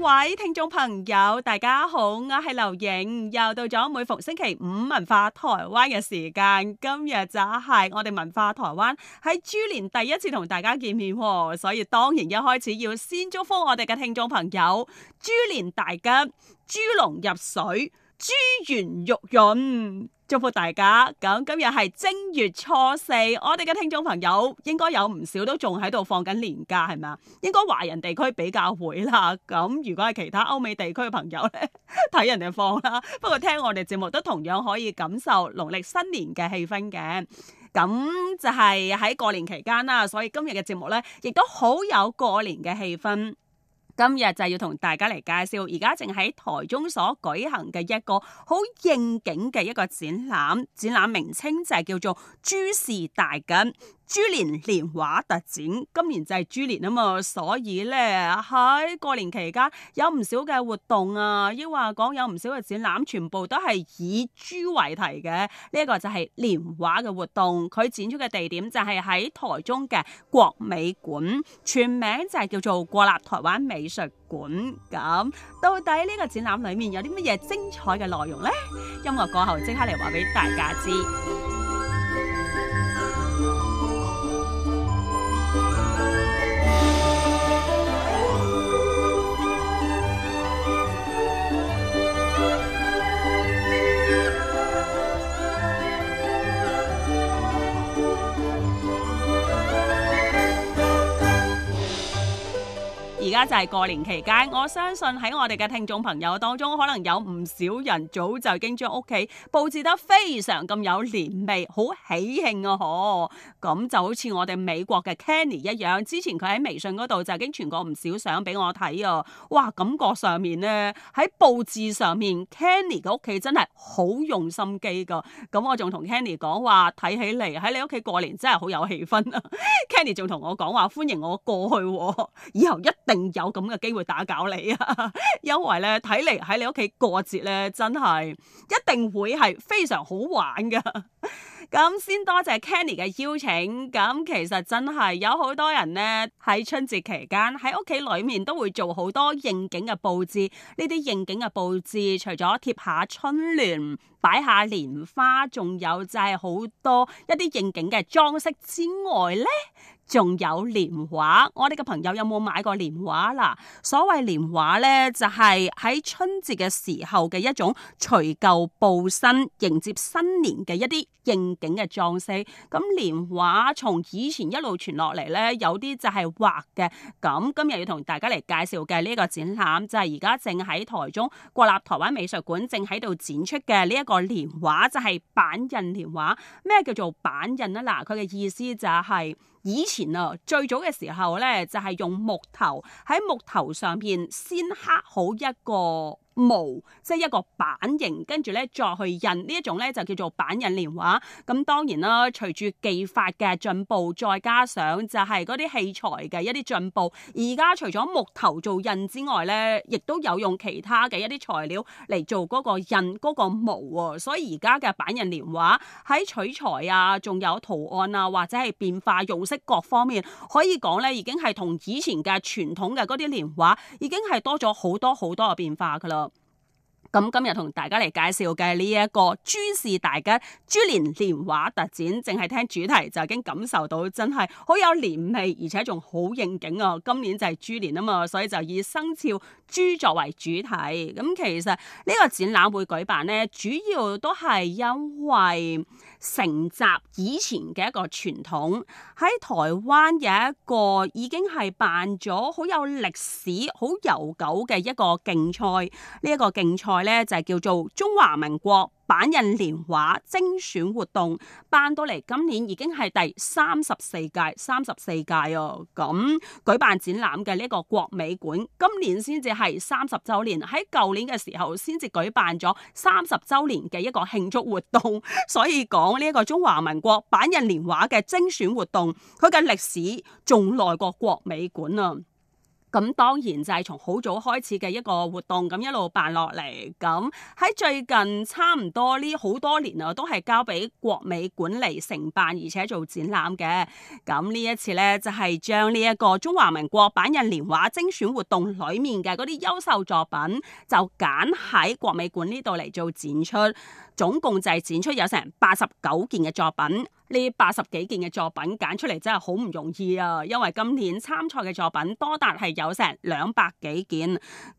各位聽眾朋友，大家好，我係劉瑩，又到咗每逢星期五文化台灣嘅時間，今日就係我哋文化台灣喺豬年第一次同大家見面，所以當然一開始要先祝福我哋嘅聽眾朋友，豬年大吉，豬籠入水，豬圓肉潤。祝福大家。咁今日係正月初四，我哋嘅聽眾朋友應該有唔少都仲喺度放緊年假，係咪啊？應該華人地區比較會啦。咁如果係其他歐美地區嘅朋友咧，睇 人哋放啦。不過聽我哋節目都同樣可以感受農曆新年嘅氣氛嘅。咁就係喺過年期間啦，所以今日嘅節目咧亦都好有過年嘅氣氛。今日就要同大家嚟介紹，而家正喺台中所舉行嘅一個好應景嘅一個展覽，展覽名稱就係叫做諸事大吉。豬年年畫特展，今年就係豬年啊嘛，所以咧喺、哎、過年期間有唔少嘅活動啊，亦話講有唔少嘅展覽，全部都係以豬為題嘅。呢、這、一個就係年畫嘅活動，佢展出嘅地點就係喺台中嘅國美館，全名就係叫做國立台灣美術館。咁到底呢個展覽裏面有啲乜嘢精彩嘅內容呢？音樂過後即刻嚟話俾大家知。就係過年期間，我相信喺我哋嘅聽眾朋友當中，可能有唔少人早就已經將屋企佈置得非常咁有年味，好喜慶啊！嗬，咁就好似我哋美國嘅 Kenny 一樣，之前佢喺微信嗰度就已經傳過唔少相俾我睇啊！哇，感覺上面呢，喺佈置上面，Kenny 嘅屋企真係好用心機噶。咁我仲同 Kenny 講話，睇起嚟喺你屋企過年真係好有氣氛啊！Kenny 仲同我講話，歡迎我過去，以後一定，有咁嘅機會打攪你啊，因 為咧睇嚟喺你屋企過節咧，真係一定會係非常好玩㗎。咁 先多謝 Kenny 嘅邀請。咁其實真係有好多人呢，喺春節期間喺屋企裏面都會做好多應景嘅佈置。呢啲應景嘅佈置，除咗貼下春聯、擺下蓮花，仲有就係好多一啲應景嘅裝飾之外呢。仲有年畫，我哋嘅朋友有冇買過年畫啦？所謂年畫呢，就係喺春節嘅時候嘅一種除舊布新、迎接新年嘅一啲應景嘅裝飾。咁年畫從以前一路傳落嚟呢，有啲就係畫嘅。咁今日要同大家嚟介紹嘅呢個展覽，就係而家正喺台中國立台灣美術館正喺度展出嘅呢一個年畫，就係版印年畫。咩叫做版印啊？嗱，佢嘅意思就係。以前啊，最早嘅時候咧，就係用木頭喺木頭上邊先刻好一個模即係一個版型，跟住咧再去印呢一種咧就叫做版印年畫，咁當然啦，隨住技法嘅進步，再加上就係啲器材嘅一啲進步，而家除咗木頭做印之外咧，亦都有用其他嘅一啲材料嚟做嗰個印嗰個模喎哦。所以而家嘅版印年畫，喺取材啊，仲有圖案啊，或者係變化用色各方面，可以講咧已經係同以前嘅傳統嘅嗰啲年畫已經係多咗好多好多嘅變化噶啦。咁今日同大家嚟介紹嘅呢一個豬事大吉豬年年畫特展，淨係聽主題就已經感受到真係好有年味，而且仲好應景啊！今年就係豬年啊嘛，所以就以生肖豬作為主題。咁、嗯、其實呢個展覽會舉辦呢，主要都係因為。承襲以前嘅一個傳統，喺台灣有一個已經係辦咗好有歷史、好悠久嘅一個競賽。呢、這、一個競賽咧就係、是、叫做中華民國。版印年畫精選活動辦到嚟，今年已經係第三十四屆，三十四屆哦。咁舉辦展覽嘅呢個國美館，今年先至係三十周年，喺舊年嘅時候先至舉辦咗三十周年嘅一個慶祝活動。所以講呢一個中華民國版印年畫嘅精選活動，佢嘅歷史仲耐過國美館啊！咁當然就係從好早開始嘅一個活動，咁一路辦落嚟。咁喺最近差唔多呢好多年啊，都係交俾國美館嚟承辦，而且做展覽嘅。咁呢一次呢，就係將呢一個中華民國版印年畫精選活動裏面嘅嗰啲優秀作品，就揀喺國美館呢度嚟做展出。總共就係展出有成八十九件嘅作品。呢八十幾件嘅作品揀出嚟真係好唔容易啊！因為今年參賽嘅作品多達係有成兩百幾件，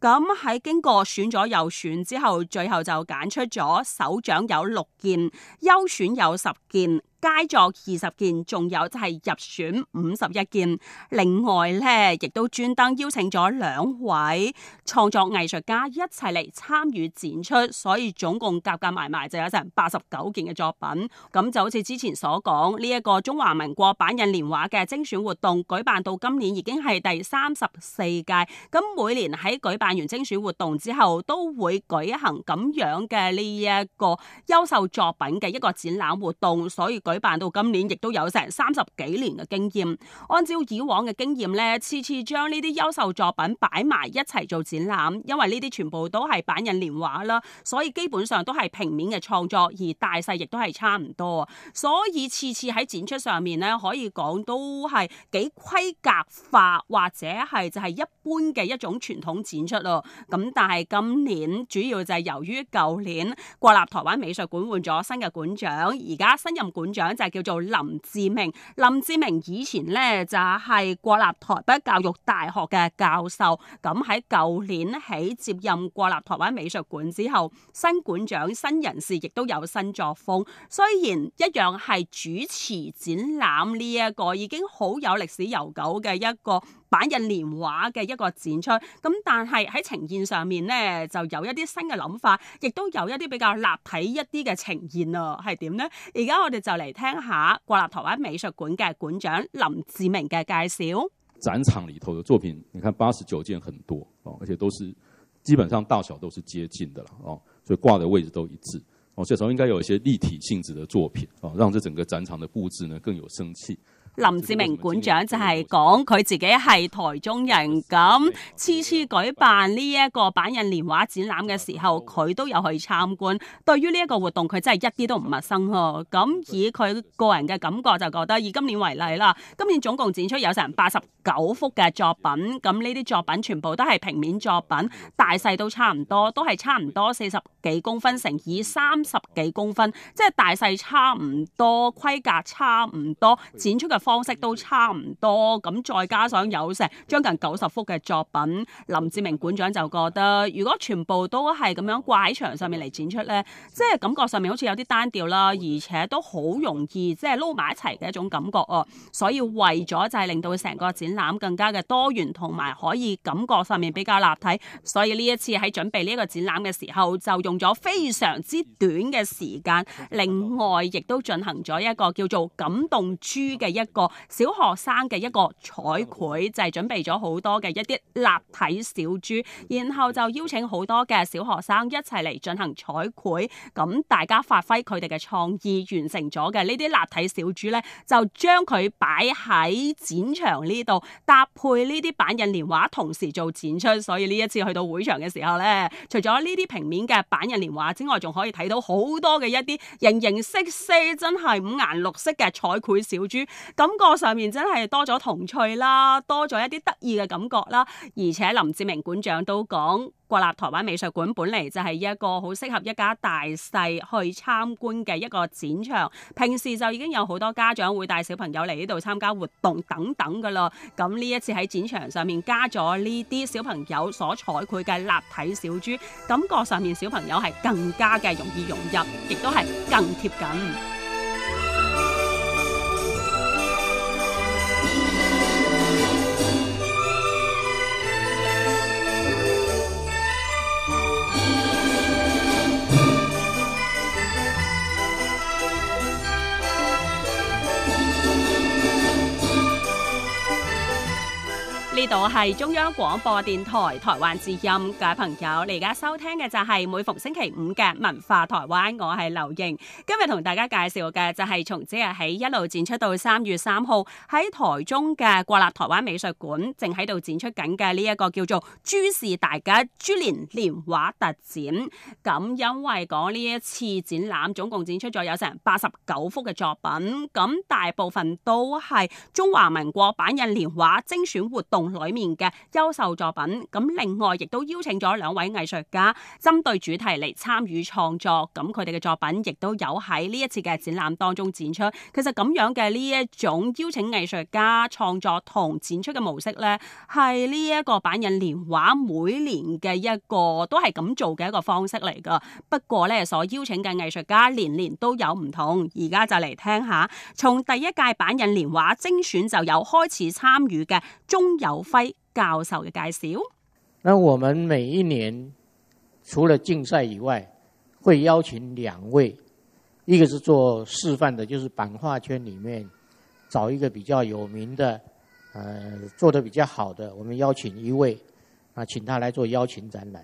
咁喺經過選咗又選之後，最後就揀出咗首獎有六件，優選有十件。佳作二十件，仲有就係入選五十一件。另外咧，亦都專登邀請咗兩位創作藝術家一齊嚟參與展出，所以總共夾夾埋埋就有成八十九件嘅作品。咁就好似之前所講，呢一個中華民國版印年畫嘅精選活動舉辦到今年已經係第三十四屆。咁每年喺舉辦完精選活動之後，都會舉行咁樣嘅呢一個優秀作品嘅一個展覽活動，所以，舉辦到今年，亦都有成三十幾年嘅經驗。按照以往嘅經驗呢，次次將呢啲優秀作品擺埋一齊做展覽，因為呢啲全部都係版印年畫啦，所以基本上都係平面嘅創作，而大細亦都係差唔多。所以次次喺展出上面呢，可以講都係幾規格化，或者係就係一般嘅一種傳統展出咯。咁但係今年主要就係由於舊年國立台灣美術館換咗新嘅館長，而家新任館長長就叫做林志明。林志明以前咧就係國立台北教育大學嘅教授。咁喺舊年起接任國立台灣美術館之後，新館長、新人士亦都有新作風。雖然一樣係主持展覽呢一個，已經好有歷史悠久嘅一個版印年畫嘅一個展出，咁但係喺呈現上面呢，就有一啲新嘅諗法，亦都有一啲比較立體一啲嘅呈現啊，係點呢？而家我哋就嚟聽下國立台灣美術館嘅館長林志明嘅介紹。展場裏頭嘅作品，你看八十九件，很多哦，而且都是基本上大小都是接近的啦，哦，所以掛嘅位置都一致。哦，這時候應該有一些立體性質嘅作品，哦，讓這整個展場嘅佈置呢更有生氣。林志明館長就係講佢自己係台中人，咁次次舉辦呢一個版印年畫展覽嘅時候，佢都有去參觀。對於呢一個活動，佢真係一啲都唔陌生咯。咁以佢個人嘅感覺就覺得，以今年為例啦，今年總共展出有成八十九幅嘅作品，咁呢啲作品全部都係平面作品，大細都差唔多，都係差唔多四十幾公分乘以三十幾公分，即係、就是、大細差唔多，規格差唔多，展出嘅。方式都差唔多，咁再加上有成將近九十幅嘅作品，林志明館長就覺得，如果全部都係咁樣掛喺牆上面嚟展出呢，即係感覺上面好似有啲單調啦，而且都好容易即係撈埋一齊嘅一種感覺哦。所以為咗就係令到成個展覽更加嘅多元，同埋可以感覺上面比較立體，所以呢一次喺準備呢個展覽嘅時候，就用咗非常之短嘅時間，另外亦都進行咗一個叫做感動豬嘅一。個小學生嘅一個彩繪就係準備咗好多嘅一啲立體小豬，然後就邀請好多嘅小學生一齊嚟進行彩繪，咁大家發揮佢哋嘅創意，完成咗嘅呢啲立體小豬呢，就將佢擺喺展場呢度搭配呢啲版印年畫，同時做展出。所以呢一次去到會場嘅時候呢，除咗呢啲平面嘅版印年畫之外，仲可以睇到好多嘅一啲形形色色，真係五顏六色嘅彩繪小豬。感覺上面真係多咗童趣啦，多咗一啲得意嘅感覺啦。而且林志明館長都講，國立台灣美術館本嚟就係一個好適合一家大細去參觀嘅一個展場。平時就已經有好多家長會帶小朋友嚟呢度參加活動等等噶啦。咁呢一次喺展場上面加咗呢啲小朋友所採繪嘅立體小豬，感覺上面小朋友係更加嘅容易融入，亦都係更貼近。呢度係中央廣播電台台灣之音。各位朋友，你而家收聽嘅就係每逢星期五嘅文化台灣，我係劉瑩，今日同大家介紹嘅就係從即日起一路展出到三月三號喺台中嘅國立台灣美術館正喺度展出緊嘅呢一個叫做諸事大吉豬年年畫特展。咁因為講呢一次展覽總共展出咗有成八十九幅嘅作品，咁大部分都係中華民國版印年畫精選活動裏面嘅優秀作品，咁另外亦都邀請咗兩位藝術家針對主題嚟參與創作，咁佢哋嘅作品亦都有喺呢一次嘅展覽當中展出。其實咁樣嘅呢一種邀請藝術家創作同展出嘅模式咧，係呢一個版印年畫每年嘅一個都係咁做嘅一個方式嚟噶。不過咧，所邀請嘅藝術家年年都有唔同。而家就嚟聽下，從第一屆版印年畫精選就有開始參與嘅中有。輝教授的介紹，那我們每一年除了競賽以外，會邀請兩位，一個是做示範的，就是版畫圈裏面找一個比較有名的，呃，做得比較好的，我們邀請一位，啊，請他來做邀請展覽。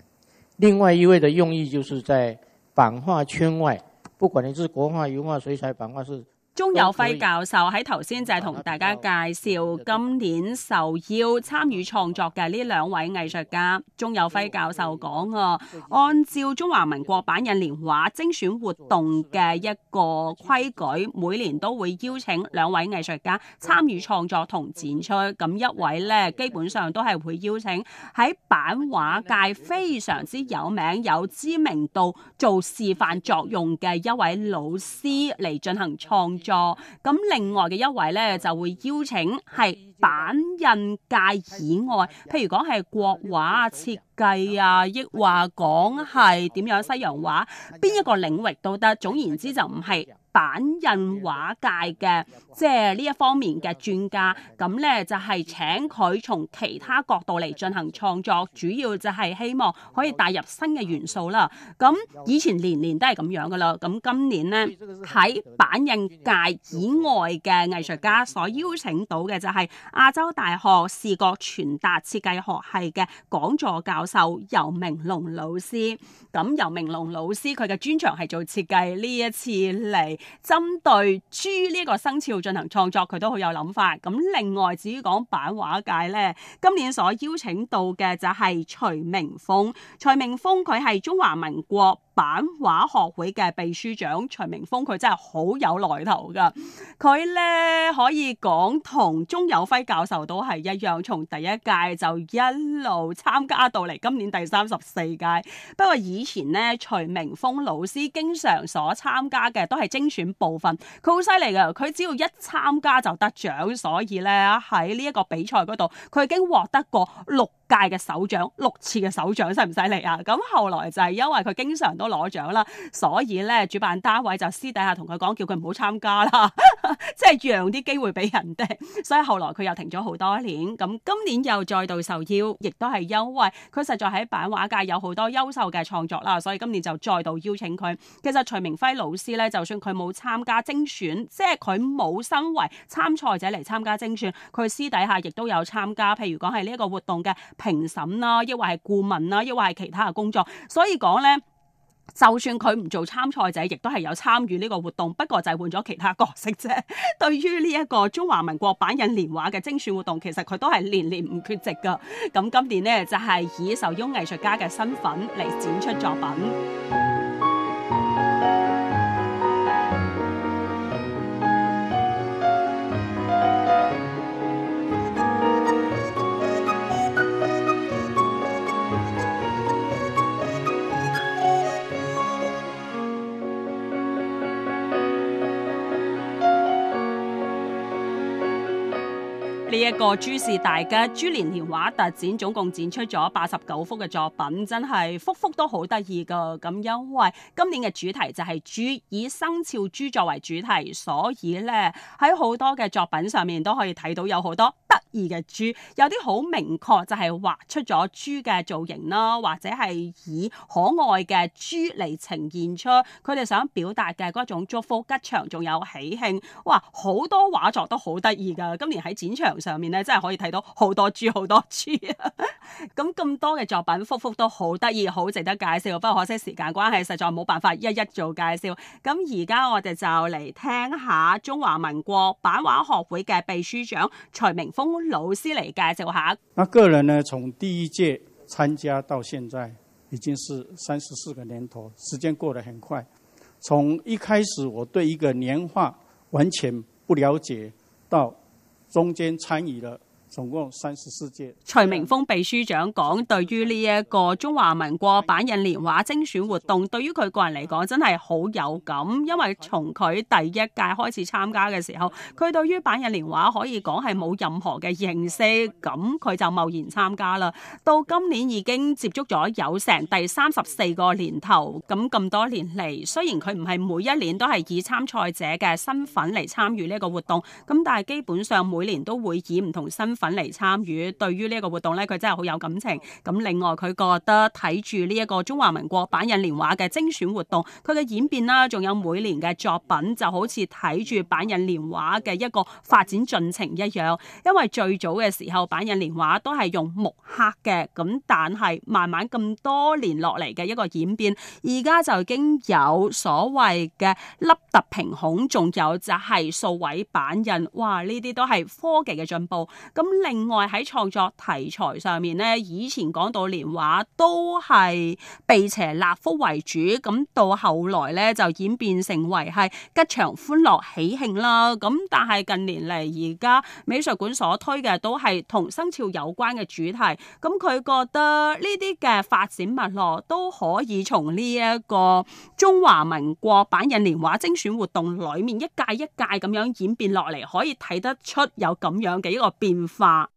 另外一位的用意，就是在版畫圈外，不管你是國畫、油畫、水彩、版畫，是。鍾有輝教授喺頭先就係同大家介紹今年受邀參與創作嘅呢兩位藝術家。鍾有輝教授講啊，按照中華民國版印年畫精選活動嘅一個規矩，每年都會邀請兩位藝術家參與創作同展出。咁一位咧，基本上都係會邀請喺版畫界非常之有名、有知名度、做示範作用嘅一位老師嚟進行創作。咁另外嘅一位咧，就會邀請係版印界以外，譬如講係國畫啊、設計啊，抑或講係點樣西洋畫，邊一個領域都得。總言之，就唔係，版印畫界嘅即係呢一方面嘅專家，咁咧就係、是、請佢從其他角度嚟進行創作，主要就係希望可以帶入新嘅元素啦。咁以前年年都係咁樣噶啦，咁今年咧喺版印界以外嘅藝術家所邀請到嘅就係亞洲大學視覺傳達設計學系嘅講座教授游明龍老師，咁游明龍老師，佢嘅專長係做設計，呢一次嚟。針對豬呢個生肖進行創作，佢都好有諗法。咁另外至於講版畫界咧，今年所邀請到嘅就係徐明峰。徐明峰佢係中華民國。版畫學會嘅秘書長徐明峰，佢真係好有來頭㗎。佢呢可以講同鍾友輝教授都係一樣，從第一屆就一路參加到嚟今年第三十四屆。不過以前呢，徐明峰老師經常所參加嘅都係精選部分。佢好犀利㗎，佢只要一參加就得獎。所以呢，喺呢一個比賽嗰度，佢已經獲得過六。界嘅首獎，六次嘅首獎，犀唔犀利啊？咁後來就係因為佢經常都攞獎啦，所以咧主辦單位就私底下同佢講，叫佢唔好參加啦，即 係讓啲機會俾人哋。所以後來佢又停咗好多年，咁今年又再度受邀，亦都係因為佢實在喺版畫界有好多優秀嘅創作啦，所以今年就再度邀請佢。其實徐明輝老師咧，就算佢冇參加精選，即係佢冇身為參賽者嚟參加精選，佢私底下亦都有參加，譬如講係呢一個活動嘅。評審啦，抑或係顧問啦，抑或係其他嘅工作，所以講呢，就算佢唔做參賽者，亦都係有參與呢個活動。不過就係換咗其他角色啫。 對於呢一個中華民國版印年畫嘅精選活動，其實佢都係年年唔缺席噶。咁今年呢，就係、是、以受邀藝術家嘅身份嚟展出作品。呢一個諸事大吉豬年年畫特展，總共展出咗八十九幅嘅作品，真係幅幅都好得意噶。咁因為今年嘅主題就係、是、豬以生肖豬作為主題，所以呢喺好多嘅作品上面都可以睇到有好多嘅豬有啲好明確，就係畫出咗豬嘅造型啦，或者係以可愛嘅豬嚟呈現出佢哋想表達嘅嗰種祝福吉祥，仲有喜慶。哇，好多畫作都好得意噶，今年喺展場上面咧，真係可以睇到好多豬，好多豬。咁 咁多嘅作品，幅幅都好得意，好值得介紹。不過可惜時間關係，實在冇辦法一一做介紹。咁而家我哋就嚟聽下中華民國版畫學會嘅秘書長徐明峰，老師嚟介紹下，那個人呢，從第一屆參加到現在，已經是三十四個年頭，時間過得很快。從一開始，我對一個年畫完全不了解，到中間參與了。總共三十四屆。徐明峰秘書長講，對於呢一個中華民國版印年畫精選活動，對於佢個人嚟講，真係好有感，因為從佢第一屆開始參加嘅時候，佢對於版印年畫可以講係冇任何嘅認識，咁佢就貿然參加啦。到今年已經接觸咗有成第三十四個年頭，咁咁多年嚟，雖然佢唔係每一年都係以參賽者嘅身份嚟參與呢個活動，咁但係基本上每年都會以唔同身份。嚟參與，對於呢一個活動咧，佢真係好有感情。咁另外佢覺得睇住呢一個中華民國版印年畫嘅精選活動，佢嘅演變啦，仲有每年嘅作品，就好似睇住版印年畫嘅一個發展進程一樣。因為最早嘅時候，版印年畫都係用木刻嘅，咁但係慢慢咁多年落嚟嘅一個演變，而家就已經有所謂嘅凹凸平孔，仲有就係數位版印，哇！呢啲都係科技嘅進步。咁另外喺創作題材上面咧，以前講到年畫都係避邪納福為主，咁到後來咧就演變成為係吉祥歡樂喜慶啦。咁但係近年嚟而家美術館所推嘅都係同生肖有關嘅主題，咁佢覺得呢啲嘅發展脈絡都可以從呢一個中華民國版印年畫精選活動裏面一屆一屆咁樣演變落嚟，可以睇得出有咁樣嘅一個變化。啊、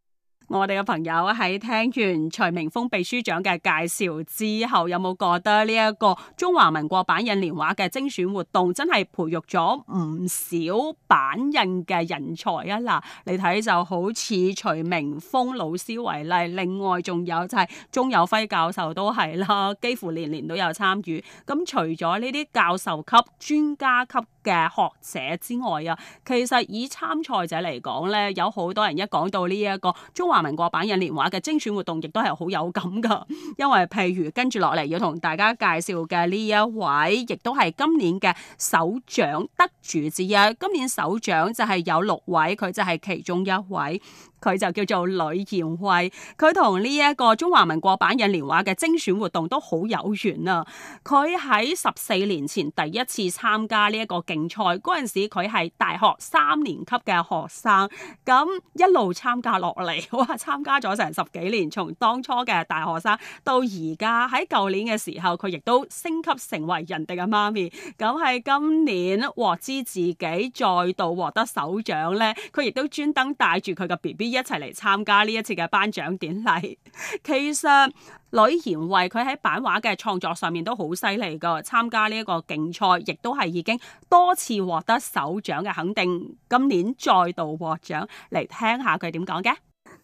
我哋嘅朋友喺聽完徐明峰秘書長嘅介紹之後，有冇覺得呢一個中華民國版印年畫嘅精選活動真係培育咗唔少版印嘅人才啊？嗱，你睇就好似徐明峰老師為例，另外仲有就係鍾有輝教授都係啦，幾乎年年都有參與。咁、啊、除咗呢啲教授級、專家級。嘅學者之外啊，其實以參賽者嚟講咧，有好多人一講到呢一個中華民國版印年畫嘅徵選活動亦都係好有感噶。因為譬如跟住落嚟要同大家介紹嘅呢一位，亦都係今年嘅首獎得主之一。今年首獎就係有六位，佢就係其中一位，佢就叫做呂賢惠。佢同呢一個中華民國版印年畫嘅徵選活動都好有緣啊！佢喺十四年前第一次參加呢一個。競賽嗰陣時，佢係大學三年級嘅學生，咁一路參加落嚟，哇！參加咗成十幾年，從當初嘅大學生到而家，喺舊年嘅時候，佢亦都升級成為人哋嘅媽咪。咁係今年獲知自己再度獲得首獎呢，佢亦都專登帶住佢嘅 BB 一齊嚟參加呢一次嘅頒獎典禮。其實。呂賢慧佢喺版畫嘅創作上面都好犀利噶。參加呢一個競賽，亦都係已經多次獲得首獎嘅肯定。今年再度獲獎，嚟聽下佢點講嘅。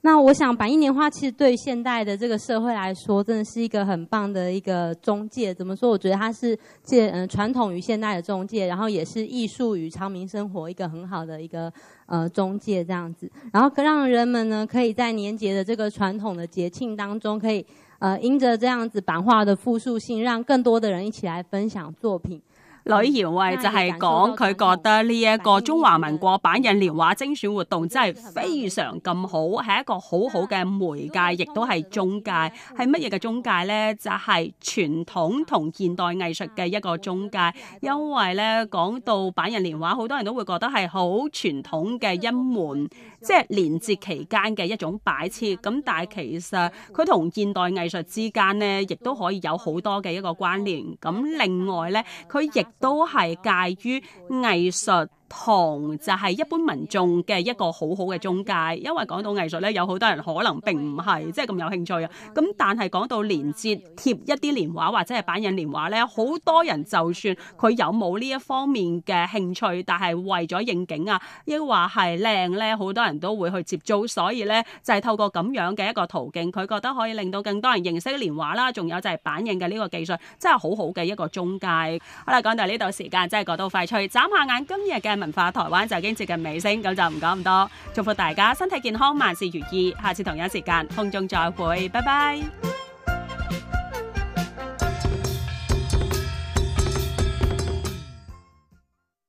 那我想，版印年畫其實對現代嘅這個社會來說，真的是一個很棒的一個中介。怎麼說？我覺得它是介嗯傳統與現代嘅中介，然後也是藝術與常民生活一個很好的一個呃中介，這樣子。然後可讓人們呢可以在年節的這個傳統的節慶當中可以。呃，因着這樣子版畫的複數性，讓更多的人一起來分享作品。李賢偉就係講佢覺得呢一個中華民國版印年畫精選活動真係非常咁好，係、嗯、一個好好嘅媒介，亦都係中介。係乜嘢嘅中介呢？就係、是、傳統同現代藝術嘅一個中介。因為呢，講到版印年畫，好多人都會覺得係好傳統嘅一門。即係連接期間嘅一種擺設，咁但係其實佢同現代藝術之間咧，亦都可以有好多嘅一個關聯。咁另外咧，佢亦都係介於藝術堂就係一般民眾嘅一個好好嘅中介，因為講到藝術呢，有好多人可能並唔係即係咁有興趣啊。咁但係講到連接貼一啲年畫或者係版印年畫呢，好多人就算佢有冇呢一方面嘅興趣，但係為咗應景啊，亦話係靚呢，好多人都會去接觸。所以呢，就係透過咁樣嘅一個途徑，佢覺得可以令到更多人認識年畫啦。仲有就係版印嘅呢個技術，真係好好嘅一個中介。好啦，講到呢度時間真係過到快脆，眨下眼今日嘅文化台灣就已經接近尾聲，咁就唔講咁多。祝福大家身體健康，萬事如意。下次同一時間，空中再會，拜拜。